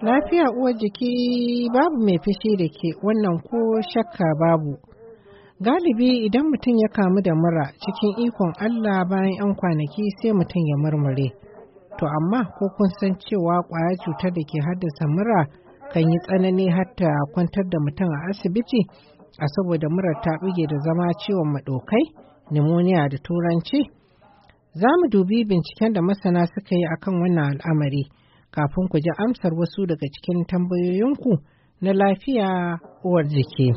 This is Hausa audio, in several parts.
Lafiya uwar jiki babu mai fishi da ke wannan ko shakka babu. Galibi idan mutum ya kamu da mura cikin ikon Allah bayan 'yan kwanaki sai mutum ya murmure. To amma ko kun san cewa kwaya cutar da ke haddasa mura kan yi tsanani hatta kwantar da mutum a asibiti a saboda mura ta buge da zama ciwon maɗokai? pneumonia da turanci? Za mu dubi binciken da masana suka yi akan wannan al'amari kafin ku ji amsar wasu daga cikin tambayoyinku na lafiya uwar jiki.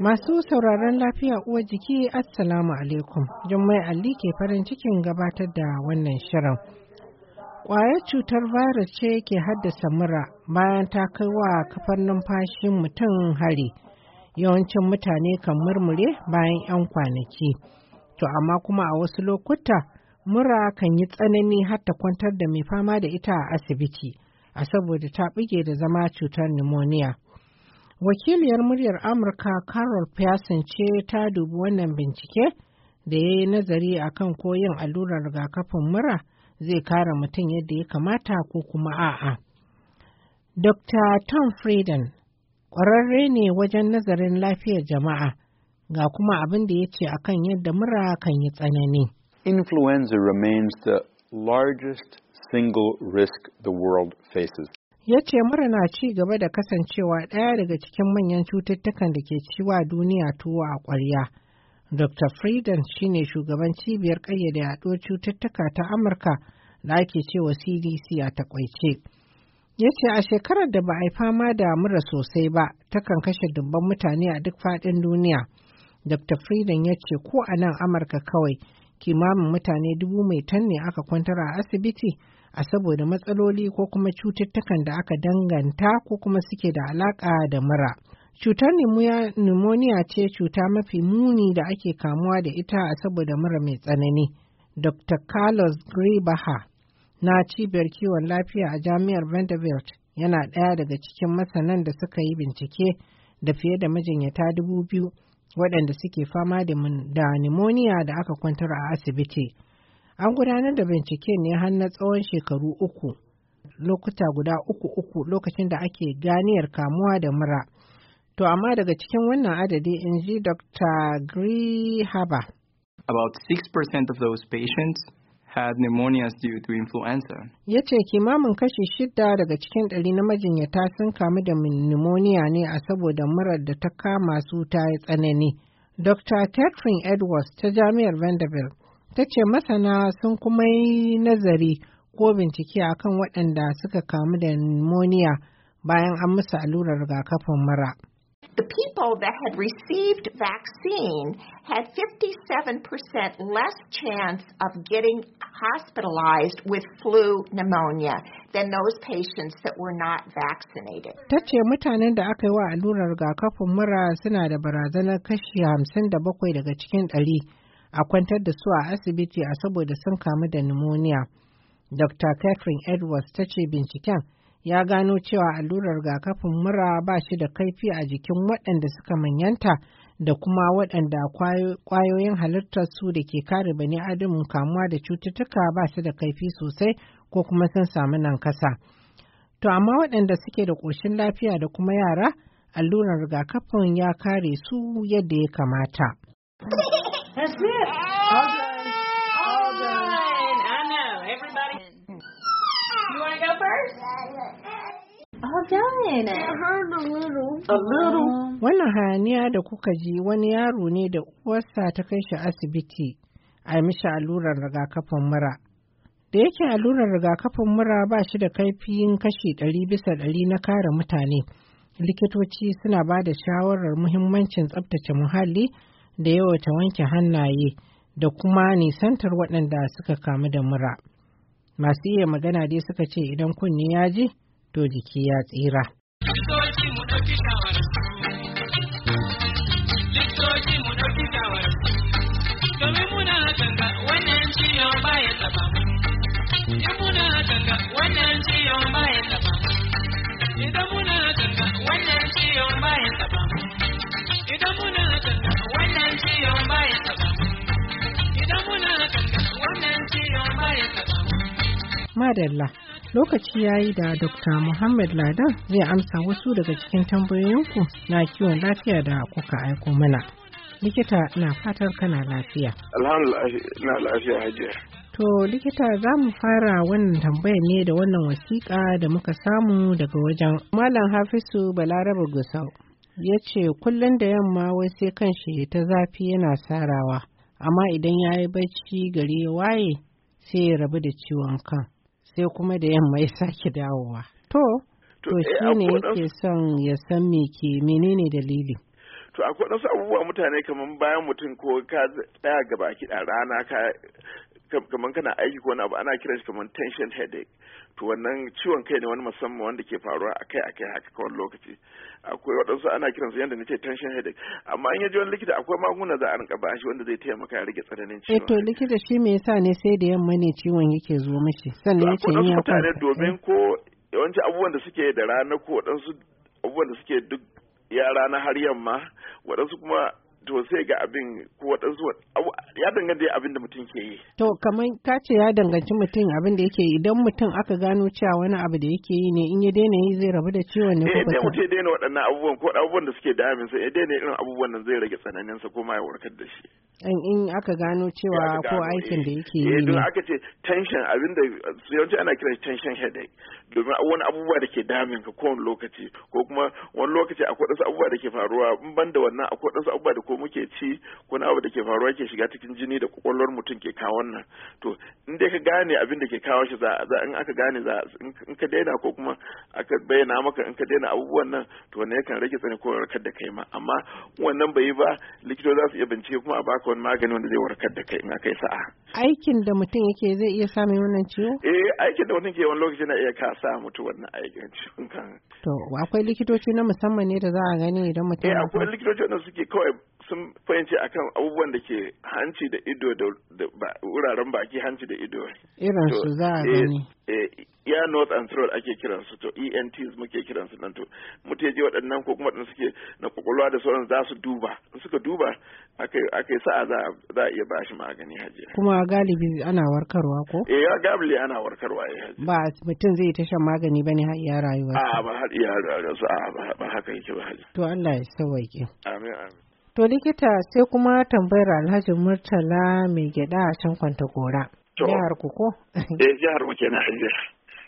Masu sauraron lafiya uwar jiki Assalamu alaikum, Jummai Ali ke farin cikin gabatar da wannan shirin. Kwayar cutar virus ce ke haddasa mura bayan ta kai wa kafar numfashin mutum hari. Yawancin mutane kan murmure bayan 'yan kwanaki. To amma kuma a wasu lokuta mura kan yi tsanani har kwantar da mai fama da ita a asibiti, a saboda ta bige da zama cutar pneumonia. Wakiliyar muryar Amurka Carol Pearson ce ta dubi wannan bincike da ya yi nazari akan koyin allurar rigakafin mura. zai kare mutum yadda ya kamata ko kuma a'a. Dr. Tom Frieden ƙwararre ne wajen nazarin lafiyar jama'a ga kuma abin da ya ce akan yadda mura kan yi tsanani. Influenza remains the largest single risk the world faces. Ya ce mura na ci gaba da kasancewa ɗaya daga cikin manyan cututtukan da ke ciwa duniya tuwo a ƙwarya. Dr. Frieden ne shugaban cibiyar ƙayyade yaɗuwar cututtuka ta Amurka da ake cewa CDC a takwaice. Ya ce a shekarar da ba a yi fama da mura sosai ba takan kashe dubban mutane a duk faɗin duniya. Dr. Frieden ya ce ko a nan Amurka kawai kimamin mutane dubu mai tan ne aka kwantar a asibiti a saboda matsaloli ko kuma cututtukan da aka danganta ko kuma suke da alaƙa da mura. Cutar pneumonia ce cuta mafi muni da ake kamuwa da ita a saboda mura mai tsanani. Dr. Carlos Gribaha na cibiyar kiwon lafiya a jami'ar Vanderbilt yana ɗaya daga cikin masanan da suka yi bincike da fiye da majinyata dubu biyu waɗanda suke fama da pneumonia da aka kwantar a asibiti. An gudanar da bincike ne har na tsawon shekaru uku, lokuta guda uku uku lokacin da ake ganiyar kamuwa da mura. To amma daga cikin wannan adadi in ji Dr. Grihaba. About 6% of those patients had pneumonias due to influenza. Ya ce kimamin kashi shida daga cikin ɗari na majinyata sun kamu da pneumonia ne a saboda murar da ta kama su ta yi tsanani. Dr. Catherine Edwards ta Jami'ar Vanderbilt ta ce masana sun kuma yi nazari ko bincike akan waɗanda suka kamu da pneumonia bayan an musu allurar rigakafin mura. The people that had received vaccine had 57% less chance of getting hospitalized with flu pneumonia than those patients that were not vaccinated. Ta ce mutanen da aka yi wa allurar rigakafin mura suna da barazanar kashi 57 daga cikin ɗari a kwantar da su a asibiti a saboda sun kamu da pneumonia. Dr. Catherine Edwards ta ce binciken ya gano cewa allurar rigakafin mura ba shi da kaifi a jikin waɗanda suka manyanta da kuma waɗanda ƙwayoyin su da ke kare bani adam kamuwa da cututtuka ba su da kaifi sosai ko kuma sun samu nan kasa. To amma waɗanda suke da ƙoshin lafiya da kuma yara, allurar rigakafin ya kare su yadda ya kamata. Eh, Wannan hayaniya da kuka ji wani yaro ne da uwarsa ta kai shi asibiti a mishi allurar rigakafin mura. Da yake allurar rigakafin mura ba shi da kaifin kashi ɗari bisa ɗari na kare mutane. Likitoci suna ba da shawarar muhimmancin tsabtace muhalli da yawata wanke hannaye da kuma nisantar waɗanda suka kamu da mura. Masu iya magana dai suka ce idan kunne ya ji, to jiki ya tsira. Madalla. lokaci ya yi da Dr. Muhammad Ladan zai amsa wasu daga cikin tambayoyinku na kiwon lafiya da kuka aiko mana. Likita na fatar kana lafiya. Alhamdulillah na lafiya hajiya. To likita za mu fara wannan tambayar ne da wannan wasiƙa da muka samu daga wajen Malam Hafisu Balaraba Gusau. Ya ce kullum da yamma wai sai kan shi ta zafi yana sarawa, amma idan ya yi bacci gari waye sai ya rabu da ciwon kan. sai kuma da yamma ya sake dawowa to to eh, shi ne yake son ya san me ke menene dalili to akwai wasu abubuwa mutane kamar bayan mutum ko ka tsaya gaba kiɗa rana ka kamar kana aiki ko wani abu ana kiran shi kamar tension headache to wannan ciwon kai ne wani musamman wanda ke faruwa akai akai haka kawai lokaci akwai waɗansu ana kiran su yadda nake tension headache amma in yaji wani likita akwai magunguna za a rinka ba shi wanda zai taimaka ya rage tsananin ciwon eh to likita shi me yasa ne sai da yamma ne ciwon yake zo mishi sannan yake yin ya mutane domin ko yawanci abubuwan da suke da rana ko waɗansu abubuwan da suke duk ya rana har yamma waɗansu kuma to sai ga abin ko waɗansu ya danganta abin da mutum ke yi. To kamar ka ce ya danganci mutum abin da yake yi idan mutum aka gano cewa wani abu da yake yi ne in ya daina yi zai rabu da ciwon ne ko eh, ba. Eh mutum ya daina waɗannan abubuwan ko abubuwan da suke damin sa ya daina irin abubuwan nan zai rage tsananin sa ko ma ya warkar da shi. in aka gano cewa ko aikin da eh. yake yi eh, ne aka ce tension abin da yawanci ana kiran tension headache domin wani abubuwa da ke damin ka kowane lokaci ko kuma wani lokaci akwai wasu abubuwa da ke faruwa in ban da wannan akwai wasu abubuwa da ko muke ci ko na abu da ke faruwa ke shiga cikin jini da kwakwalwar mutum ke kawo wannan to in dai ka gane abin da ke kawo shi za in aka gane za in ka daina ko kuma aka bayyana maka in ka daina abubuwan nan to ya kan rage tsani ko warkar da kai ma amma wannan bai yi ba likito za su iya bincike kuma a baka wani magani wanda zai warkar da kai in aka yi sa'a aikin da mutum yake zai iya samun wannan ciwo eh aikin da mutum ke wani lokaci na iya ka sa mutu wannan aikin ciwon kan to akwai likitoci na musamman ne da za a gani idan mutum eh akwai likitoci wanda suke kawai sun fahimci akan abubuwan da ke hanci da ido da wuraren baki hanci da ido irin su za a eh, gani ya eh, north and south ake kiransu to ENTs muke kiransu nan to mutu je waɗannan ko kuma ɗin suke na kwakwalwa da sauran za su duba in suka duba aka yi sa'a za a iya ba shi magani hajiya kuma galibi ana warkarwa ko eh ya galibi ana warkarwa ya eh, hajiya ba mutum zai ta shan magani ba ne har iya rayuwa a ba har iya rayuwa a ba haka yake ba hajiya to Allah ya sauwaƙe amin amin To likita sai kuma tambayar Alhaji Murtala mai gyada a can kwanta gora. Jihar ku ko? Eh jihar ku kenan Hajiya.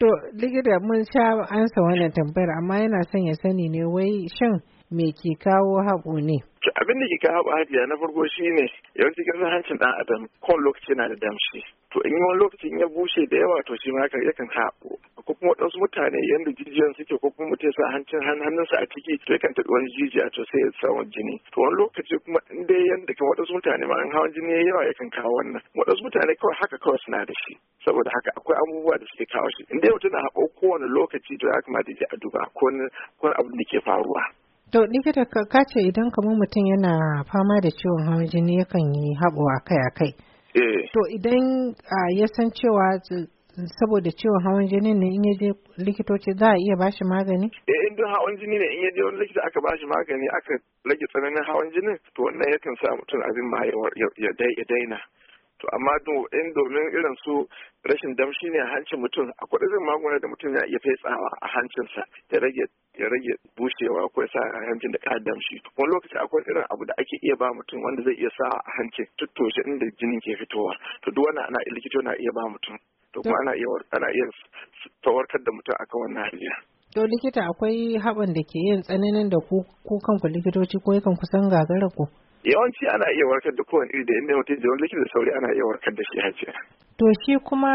To likita mun sha ansa wannan tambayar amma yana son ya sani ne wai shin me ke kawo haɓo ne? Abin da ke kawo haɓo hajiya na farko shi ne yawanci ƙasar hancin ɗan adam kowane lokaci yana da damshi. To in wani lokacin ya bushe da yawa to shi ma yakan haɓo. ko kuma waɗansu mutane yadda jijiyan suke ko kuma mutum sa hancin hannunsa a ciki to yakan taɓa wani jijiya to sai ya samu jini to wani lokaci kuma in dai yadda kan waɗansu mutane ma an hawan jini ya yawa yakan kawo wannan waɗansu mutane kawai haka kawai suna da shi saboda haka akwai abubuwa da suke kawo shi in dai mutum na haɓo kowane lokaci to ya kamata ya a duba ko wani abin da ke faruwa. To likita ka ce idan kamar mutum yana fama da ciwon hawan jini yakan yi haɓo akai-akai. Eh. To idan ah, ya san cewa saboda ciwon hawan jini ne in yaje likitoci za a iya bashi magani? Eh in duk hawan jini ne in yaje wani likita aka bashi magani aka rage tsananin hawan jinin to wannan yakan sa mutum abin ma ya daina. To amma in domin irin su rashin damshi ne a hancin mutum akwai irin magunguna da mutum ya iya fetsawa a hancinsa ya rage ya rage bushewa ko ya sa a hancin da kada damshi wani lokaci akwai irin abu da ake iya ba mutum wanda zai iya sa a hancin tuttoshe inda jinin ke fitowa to duk wannan ana likito na iya ba mutum to kuma ana iya ana iya tawarkar da mutum akan wannan hanya to likita akwai haɓan da ke yin tsananin da ku ko kanku likitoci ko yakan kusan gagara ku yawanci ana iya warkar da kowane iri da inda mutum da likita da sauri ana iya warkar da shi hajiya to shi kuma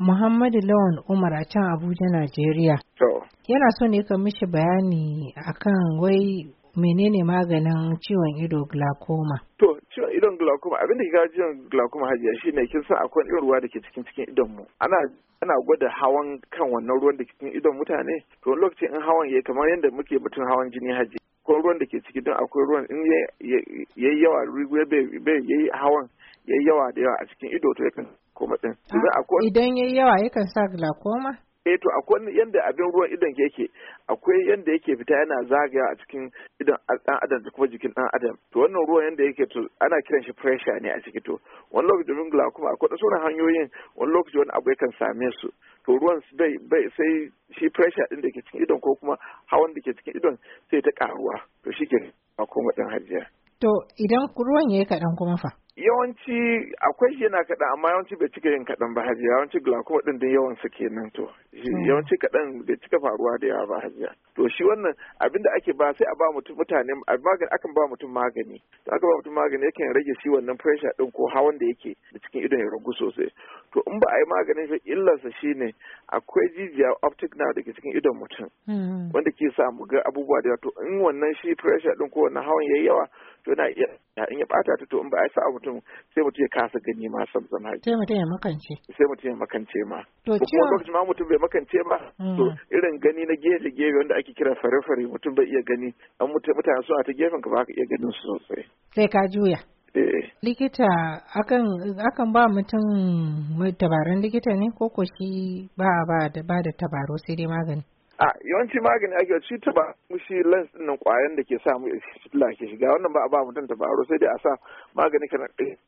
Muhammadu Lawan Umar a can Abuja, Najeriya. So. Yana so ne ka mishi bayani akan wai menene maganin ciwon ido glaucoma? To, ciwon idon glaucoma abin da ga ciwon glaucoma hajiya ne kin san akwai irin ruwa da ke cikin cikin idon mu. Ana ana gwada hawan kan wannan ruwan da ke cikin idon mutane. To, wani lokaci in hawan yayi kamar yadda muke mutum hawan jini haji. Ko ruwan da ke ciki don akwai ruwan in yayi yawa rigwe bai yayi hawan yayi yawa da yawa a cikin ido to yakan koma din. Ah, idan yayi yawa yakan sa glaucoma? eh to akwai yanda abin ruwan idon yake akwai yanda yake fita yana zagaya a cikin idon dan adam da kuma jikin dan adam to wannan ruwan yanda yake to ana kiran shi pressure ne a ciki to wani lokaci domin glaucoma akwai sauran hanyoyin wani lokaci wani abu yakan same su to ruwan bai bai sai shi pressure din da ke cikin idon ko kuma hawan da ke cikin idon sai ta karuwa to shi ke a koma to idan ruwan yayi kaɗan kuma fa yawanci akwai shi yana kaɗan amma yawanci bai cika yin kaɗan ba hajiya yawanci glaucom ɗin din yawan su kenan to hmm. yawanci kaɗan bai cika faruwa da yawa ba hajiya to shi wannan abin da ake ba sai a ba mutum mutane magani akan ba mutum magani to aka ba mutum magani yakan rage shi wannan pressure ɗin ko hawan da yake da cikin idon ya ragu sosai to in ba a yi maganin shi illarsa shine akwai jijiya optic na da ke cikin idon mutum hmm. wanda ke sa mu ga abubuwa da yawa to in wannan shi pressure ɗin ko wannan hawan ya yi yawa to na iya in ya ɓata ta to in ba a yi sa'a mutum sai mutum ya kasa gani ma sam sam sai mutum ya makance sai mutum ya makance ma to kuma lokacin ma mutum bai makance ba hmm. to irin gani na gefe gefe wanda ake kira fare fare mutum bai iya gani an mutane suna ta gefen ka ba ka iya ganin su sosai sai ka juya eh. likita akan akan ba mutum tabaran likita ne ko ko shi ba ba da ba da tabaro sai dai magani a yawanci magani ake shi ta ba shi lens din ƙwayan kwayan da ke sa mu fitila ke shiga wannan ba a ba mutum ta baro sai dai a sa magani kana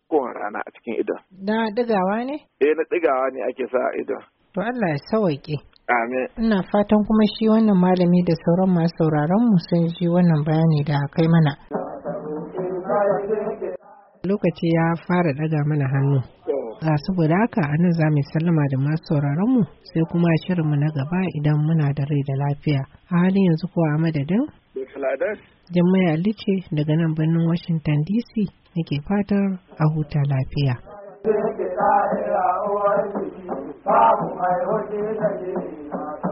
kowa rana a cikin idan na digawa ne eh na digawa ne ake sa idan to Allah ya sawaike amin ina fatan kuma shi wannan malami da sauran masu sauraron mu sun ji wannan bayani da kai mana lokaci ya fara daga mana hannu Ga saboda haka a nan za mu sallama da masu sauraronmu sai kuma shirin mu na gaba idan muna da rai da lafiya. A halin yanzu kuwa a madadin? Jummai Ali daga nan birnin Washington DC nake fatar a huta lafiya. Babu mai da